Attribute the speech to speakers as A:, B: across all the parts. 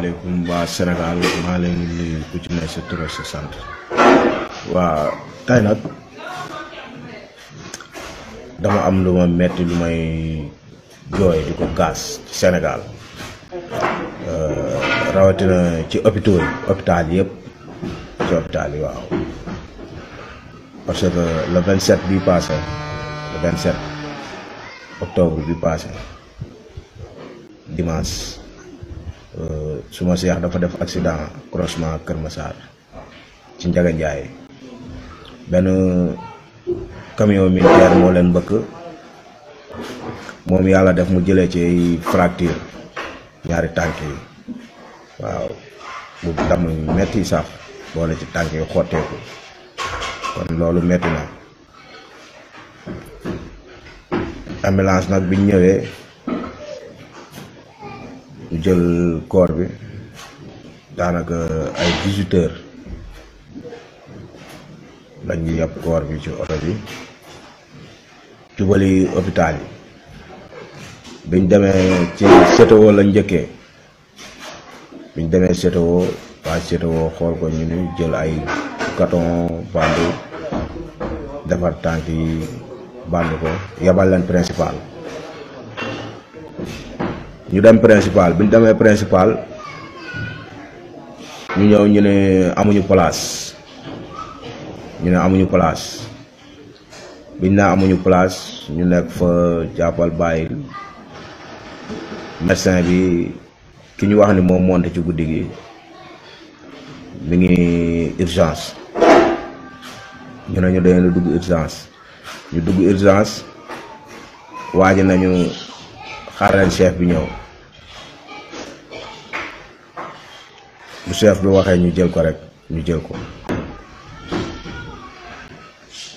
A: asalaamaaleykum waa Sénégal maa leen di nuyu ku ci ne sa tur sant waa tey nag dama am lu ma metti lu may jooy di ko gaas ci Sénégal euh, rawatina ci hôpitaux yi hôpital yëpp ci hôpital yi waaw parce que le 27 bi passé le 27 octobre bi passé dimanche. Eh, suma seex dafa def accident croisement keur massar ci njaga njaay ben camion eh, militaire mo len bëkk mom yalla def mu jëlé ci fracture ñaari tanki waaw bu tam metti sax boole ci tanki xoté ko kon lolu metti na ambulance nak biñ ñëwé eh. ñu jël corps bi daanaka ay 18 heures lañ ñu yàpp bi ci oto bi jubali hôpital yi biñ demee ci CTO lañ njëkkee biñ demee CTO waa CTO xool ko ñu ni jël ay carton bandu defar tànk yi ko yabal leen principal ñu dem principal biñ demee principal ñu ñëw ñu né amuñu place ñu né amuñu place biñ na amuñu place ñu nek fa jappal bàyyil médecin bi ki ñu wax ni mo monté ci guddigi mi ngi urgence ñu né ñu dañu dugg urgence ñu dugg urgence waji nañu xaaral chef bi ñëw bu chef bi waxee ñu jël ko rek ñu jël ko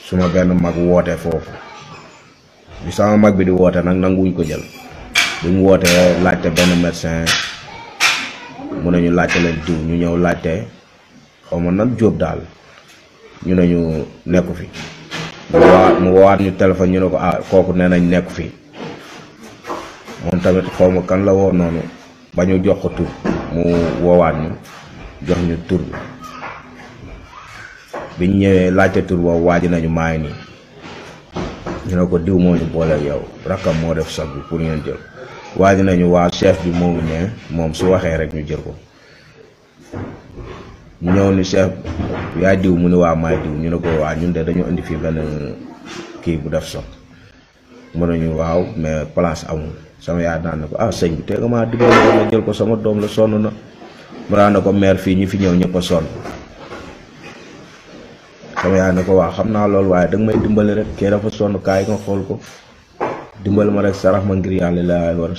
A: suma benn mag woote foofu bi sama mag bi di woote nag nanguwuñ ko jël bi mu wootee laajte benn médecin mu ne ñu laajte leen diw ñu ñëw laajte xaw ma nag jóob daal ñu ne ñu nekku fi mu woowaat mu woowaat ñu téléphone ñu ne ko ah kooku nee nañ nekku fi moom tamit xaw ma kan la woon noonu ba ñu jox ko tur mu woowaat ñu jox ñu tur bi ñu ñëwee laajte tur boobu waaj nañu maay nii ñu ne ko diw moo ñu boole yow rakkam moo def sag bi pour ngeen jël waaj nañu waa chef bi moomu ne moom su waxee rek ñu jël ko ñëw ni chef yaa diw mu ni waa maay diw ñu ne ko waa ñun de dañu indi fii benn kii bu def sag mu ne ñu waaw mais place amu sama yaa naan na ko ah señ bi teega maa dimbali ma jël ko sama dom la sonu er ya na mu na ko mère fi ñu fi ñew ñepp a sama yaa na ko waa xam naa loolu waaye may dimbal rek ké dafa sonu kay nga xol ko dimbal ma rek sarax ma ngir yalla la wa a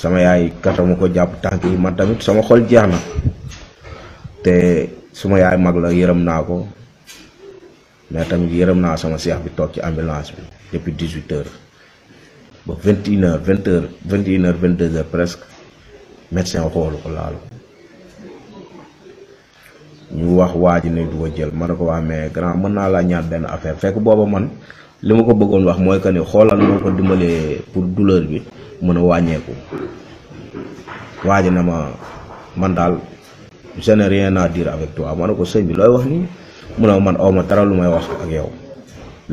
A: sama yaay katama ko japp tanki ma tamit sama xol jeexna té te suma yaay mag la yeeram naa ko mais tamit yërëm naa sama seex bi toog ci ambulance bi depuis 18h. Bon, 21h 20h 21h 22h presque médecin xoolu ko laal Nous avons waaji ne du ko jël ma nous avons waa mais grand mën naa laa ñaar benn affaire fekk booba man li ma ko bëggoon wax mooy que ni xoolal noo ko dimbalee pour douleur bi mën a wàññeeku waaji na ma man daal je n'ai rien à ko sëñ bi looy man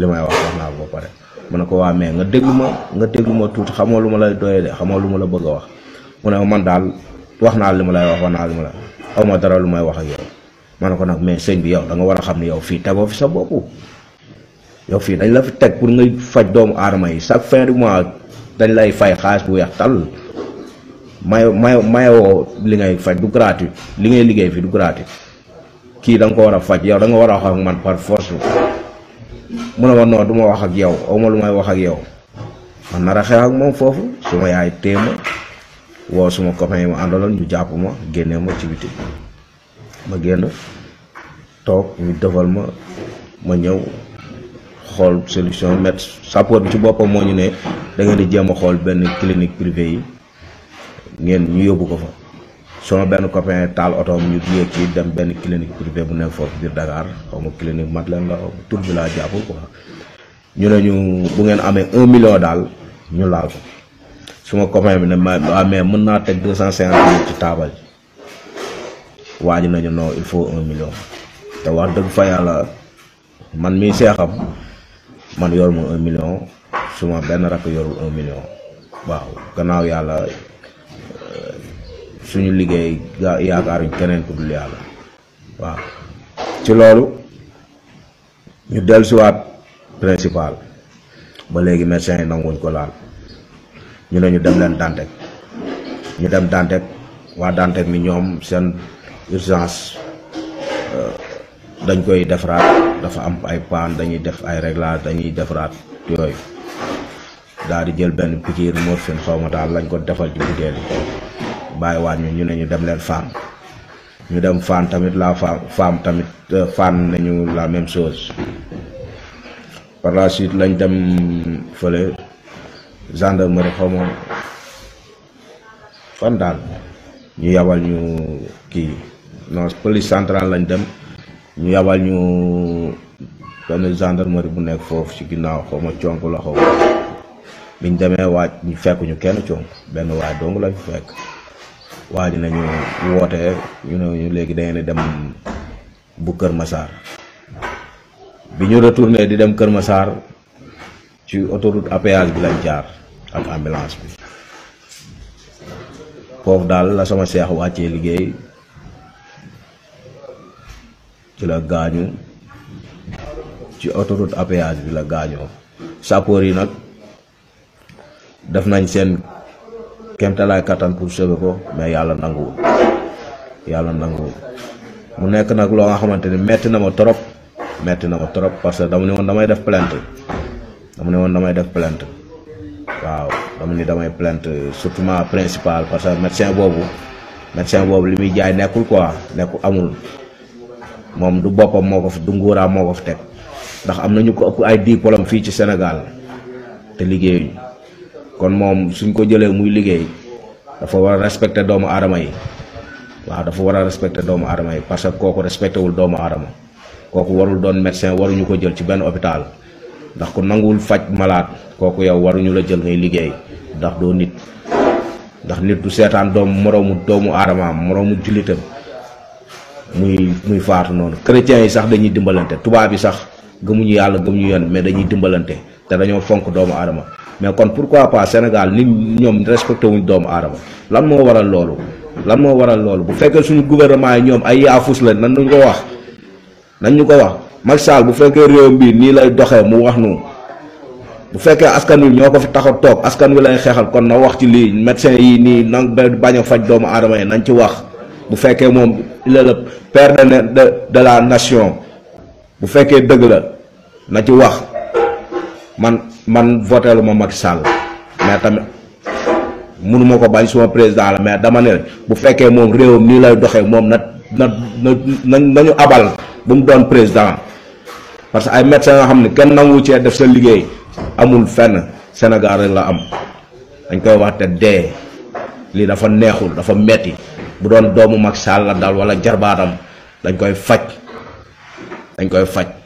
A: ma pare mu ne ko waa mais nga déglu ma nga déglu ma tuuti xamoo lu ma lay doyee de xamoo lu ma la bëgg wax mu ne man daal wax naa li ma lay wax wax naa li ma la xaw ma lu may wax ak yow ne ko nag mais sëñ bi yow da nga war a xam ne yow fii tegoo fi sa bopp yow fii dañ la fi teg pour ngay faj doomu aadama yi chaque fin mois dañ lay fay xaalis bu weex tal may may mayewoo li ngay faj du gratuit li ngay liggéey fii du gratuit kii da ko war a faj yow da nga war a wax ak man par force mu ne ma na du ma wax ak yow aw ma lu may wax ak yow man nar xew ak moom foofu su ma yaay téye woo suma copain yi ma àndaloon ñu jàpp ma génnee ma ci biti ma génn toog ñu defal ma ma ñëw xool solution met sapeur bi ci boppam moo ñu ne da ngeen di jéem a xool benn clinique privée yi ngeen ñu yóbbu ko fa sama benn copain taal otoom ñu yéeg ci dem benn clinique privée bu nekk foofu biir Dakar xaw ma clinique mat leen la tur bi laa jàppul ñu ne ñu bu ngeen amee un million daal ñu laal suma copain bi ne ma waaw mais mën naa teg deux cent ci taabal ji waa ji nañu non il faut un million te wax dëgg fa yàlla man mii seexam man yor ma un million suma benn rakk yorul un million waaw gannaaw yàlla suñu liggéey ga yaakaaruñ keneen ko dul yàlla waaw ci loolu ñu dellusiwaat principal ba léegi médecin yi nanguñ ko laal ñu ne ñu dem leen dante ñu dem dante waa dante mi ñoom seen urgence dañ koy defaraat dafa am ay paan dañuy def ay réglage dañuy defaraat yooyu daal di jël benn pikiir morphine xawma daal lañ ko defal ci butéel bàyyiwaat ñu ñu ne ñu dem leen Fann ñu dem Fann tamit la Fann tamit euh, Fann nañu la même chose par la suite lañ dem fële gendarmerie xaw ma fan daal ñu yabal ñu kii non police centrale lañ dem ñu yabal ñu benn gendarmerie bu nekk foofu ci ginnaaw xaw ma conk la xaw biñ demee waaj ñu fekk kenn conk benn waay dong lañ fekk. waa ji nañu woote ñu ne ñu léegi dangeen dem bu Kër Massar bi ñu retourné di dem Kër masaar ci autoroute à bi lañ jaar ak ambulance bi foofu daal la sama seex wàccee liggéey ci la gaañu ci autoroute à bi la gaañoo sappoor yi nag def nañ seen kemtalaay kattan pour sauver ko mais yàlla nanguwul yàlla nanguwul mu nekk nag loo nga xamante ni metti na ma trop metti na ma trop parce que dama ne woon damay def plainte dama ne woon damay def plainte waaw dama ni damay plainte surtout principal parce que médecin boobu médecin boobu li muy jaay nekkul quoi nekkul amul moom du boppam moo ko fi du nguuraam moo ko fi teg ndax am na ñu ko ay diplôme fii ci senegal te liggéeyuñ kon mom, suñ ko jëlé muy liggéey dafa wara respecté doomu adama yi wa dafa wara respecté doomu adama yi parce que koku respecté wul doomu adama koku warul doon médecin waruñu ko jël ci ben hôpital ndax ku nangul fajj malade Koku yow waruñu la jël ngay liggéey ndax do nit ndax nit du sétan doom moromu doomu arama moromu julitam muy muy faatu non. chrétien yi sax dañuy dimbalante Tuba bi sax gëmuñu yalla gëmuñu yoon mais dañuy dimbalante té dañoo fonk doomu adama mais kon pourquoi pas Sénégal ni ñom respecté wuñ doom adam lan mo waral lolu lan mo waral lolu bu fekkee suñu gouvernement yi ñoom ay yaafus la nan ñu ko wax nan ñu ko wax Macky bu fekkee rew bi ni lay doxé mu wax nu bu fekkee askan wi ñoko fi taxaw tok askan wi lay xéxal kon na wax ci li médecin yi ni nan baña fajj doom adam ay yi nañ ci wax bu fekkee mom le père de de la nation bu fekkee deug la na ci wax man man votélu lu Macky Sall mais tamit munu moko bañ suma président la mais dama ne bu fekkee mom réewam mi lay doxé mom na na na nañu abal bu mu doon président parce que ay médecin nga xam kenn nangu ci def sa liguey amul fenn Sénégal rek la am dañ koy wax dé li dafa neexul dafa metti bu doon doomu Macky Sall la dal wala jarbaatam dañ koy fajj dañ koy fajj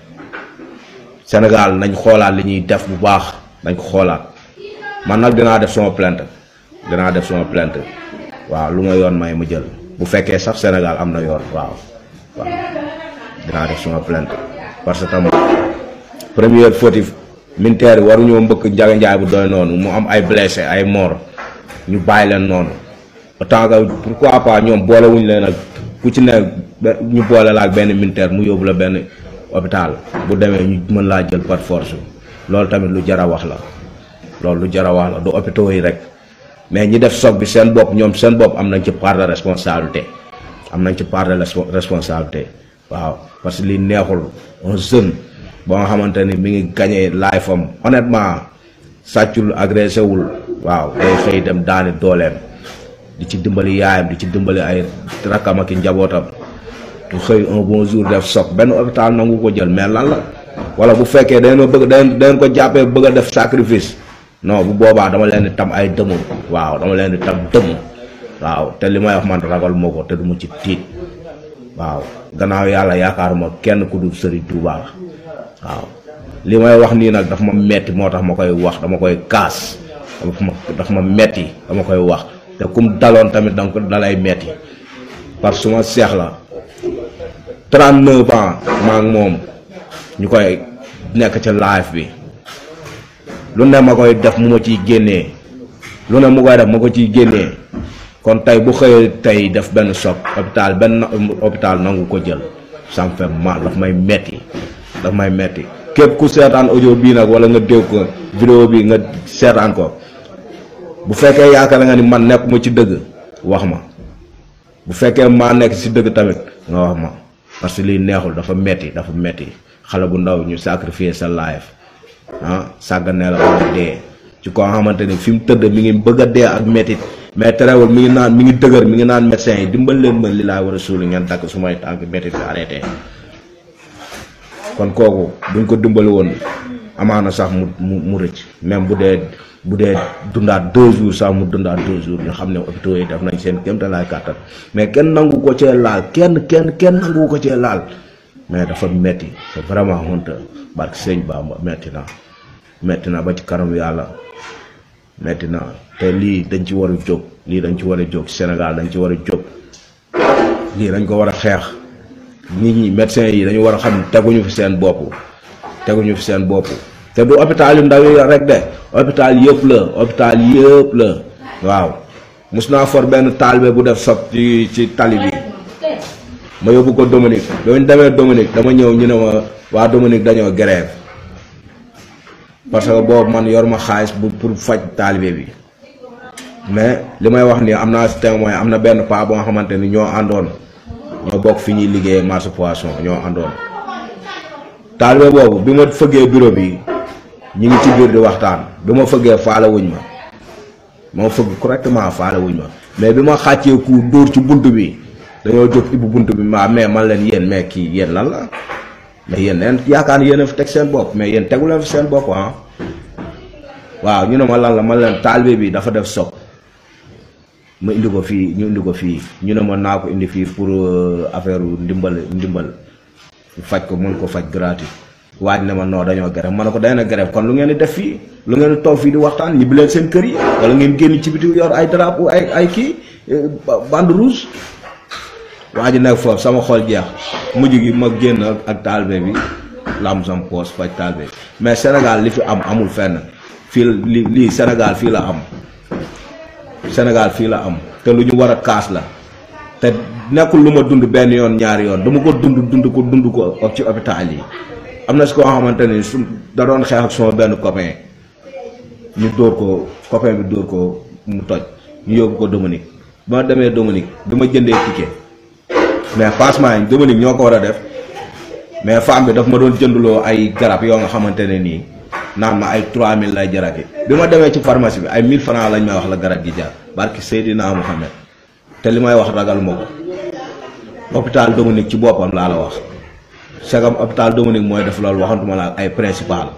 A: Sénégal nañ xoolaat li ñuy def bu baax nañ ko xoolaat man nag dinaa def sama plainte dinaa def sama plainte waaw lu ma yoon may ma jël bu fekkee sax Sénégal am na yoon waaw waaw dinaa def sama plainte parce que première fautif militaire yi waruñoo mbëkk njaga njaay bu doy noonu mu am ay blessé ay mort ñu bàyyi leen noonu autant que pourquoi pas ñoom boolewuñ leen ak ku ci ne ñu boole la ak benn militaire mu yóbbu la benn hôpital bu demee ñu mën laa jël par force loolu tamit lu jar a wax la loolu lu jar a wax la du hôpitaux yi rek mais ñi def soog bi seen bopp ñoom seen bopp am nañ ci part responsabilité am nañ ci part de responsabilité waaw parce que li neexul un jeune ba nga xamante ni mi ngi gagné life am honnêtement sàccul agressé wul waaw day xëy dem daani dooleem di ci dimbali yaayam di ci dimbali ay rakkam ak i njabootam. du xey un bon jour def soc ben hôpital nangou ko jël mais lan la wala bu fekke da ñu bëgg da ñu ko jappé bëgg def sacrifice non bu boba dama leen tam ay demu waaw dama leen tam demu waaw té limay wax man ragal moko té te du ma ci tit waaw gannaaw yalla yaakaar ma kenn ku du sëriñ touba waaw limay wax ni nak daf ma metti motax makoy wax dama koy kaas daf ma metti dama koy wax té kum dalon tamit dang ko dalay metti par que suma seex la 39 ans maa ngi moom ñu koy nekk ci live bi lu ne ma koy def mu ma ci génnee lu ne mu koy def ma ko ciy génnee kon tey bu xëyee tey def benn choc hôpital benn hôpital nangu ko jël ça mal daf may metti daf may metti képp ku seetaan ojo bii nag wala nga dégg ko vidéo bi nga seetaan ko bu fekkee yaakaar nga ni man nekkuma ci dëgg wax ma bu fekkee maa nekk ci dëgg tamit nga wax ma parce que lii neexul dafa metti dafa metti xale bu ndaw ñu sacrifier sa life ah sàgganee la ba dee ci koo xamante ni fi mu tëdd mi ngi bëgg a dee ak mettit mais terewul mi ngi naan mi ngi dëgër mi ngi naan médecin yi dimbal leen ma li laa war a suul ngeen takk su may tànk mettit bi kon kooku buñ ko dimbali woon amaana sax mu mu mu rëcc même bu dee bu dee dundaat deux jours sax mu dundaat deux jours ñu xam ne hôpitaux yi def nañ seen kéemtalaay kàttan mais kenn nangu ko ci laal kenn kenn kenn nangu ko ci laal mais dafa metti c'est vraiment honteux barke sëñ Bamba metti na metti na ba ci kanam yàlla metti na te lii dañ ci war a jóg lii dañ ci war a jóg Sénégal dañ ci war a jóg lii dañ ko war a xeex nit ñi médecins yi dañu war a xam teguñu fi seen bopp teguñu fi seen bopp te du hôpital yu ndaw rek de hôpital yëpp la hôpital yëpp la waaw mus naa for benn taalibe bu def sot ci ci tali bi ma yóbbu ko Dominique ba ñu demee Dominique dama ñëw ñu ne ma waa Dominique dañoo grève parce que boobu man yor ma xaalis bu pour faj taalibe bi mais li may wax ni am naa si témoin am na benn paa boo xamante ni ñoo àndoon ñoo bokk fi ñuy liggéeyee marché poisson ñoo àndoon taalibe boobu bi ma fëggee bureau bi. ñu ngi ci biir di waxtaan du ma fëggee faale wuñ ma ma fëgg correctement faale wuñ ma mais bi ma xàccee ku dóor ci bunt bi dañoo jóg ibbu bunt bi ma mais man leen yéen mais kii yéen lan la mais yéen yaakaar yéen a fi teg seen bopp mais yéen teguleen fi seen bopp ah waaw ñu ne ma lan la man leen taalibe bi dafa def sob ma indi ko fii ñu indi ko fii ñu ne ma naa ko indi fii pour euh, affaire ndimbal ndimbal faj ko mën ko faj gratuit wadina na ma noo dañoo grève ma ne ko day na kon lu ngeen def fi lu ngeen di fi di waxtaan ñibi leen seen kër yi wala ngeen génn ci biti yor ay drapeau ay ay ki eh, bande rouge waji nak fof sama xol jeex mujj gi ma génn ak talbe bi lam sam pos fa talbe mais senegal li fi am amul fenn fi li senegal fi la am senegal fi la am te lu ñu war kaas la te nekul luma dund ben yon ñaar yon dama ko dund dund ko dund ko ci hôpital yi amna ci ko xamanteni da doon xex ak sama benn copain ñu door ko copain bi door ko mu toj ñu yob ko Dominique ba ma Dominique dama jëndé ticket mais passement yi Dominique ñoko wara def mais femme bi daf ma doon jëndulo ay garab yo nga xamanteni ni nan ma ay 3000 lay jarabi bima bi ci pharmacie bi ay 1000 francs lañ may wax la garab gi jaar barki sayidina Mouhamed té limay wax ragal moko hôpital Dominique ci bopam la la wax. sagam hôpital Dominique mooy def loolu waxantuma la ay principal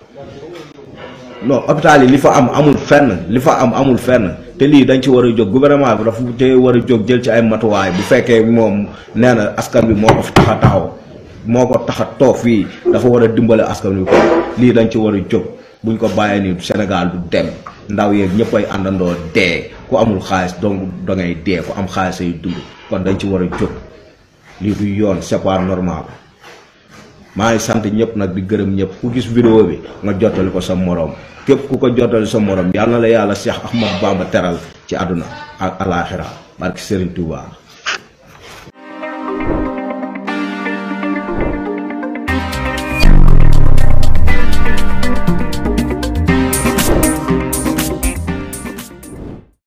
A: non hôpital yi li fa am amul fenn li fa am amul fenn te lii dañ ci war a jóg gouvernement bi dafa te war a jóg jël ci ay matuwaay bu fekkee moom nee na askan bi moo ko fi tax a taxaw moo ko tax a toog fii dafa war a dimbale askan bi ko lii dañ ci war a jóg buñ ko bàyyee ni senegal du dem ndaw yeeg ñëpp àndandoo dee ku amul xaalis donc da ngay dee ku am xaalis yu dund kon dañ ci war a jóg lii du yoon c'est maa ngi sant ñëpp nag di gërëm ñëpp ku gis vidéo bi nga jottali ko sa moroom képp ku ko jottali sa moroom yàlla na la yàlla Cheikh Ahmad Bamba teral ci àdduna ak alaaxira barki Serigne Touba.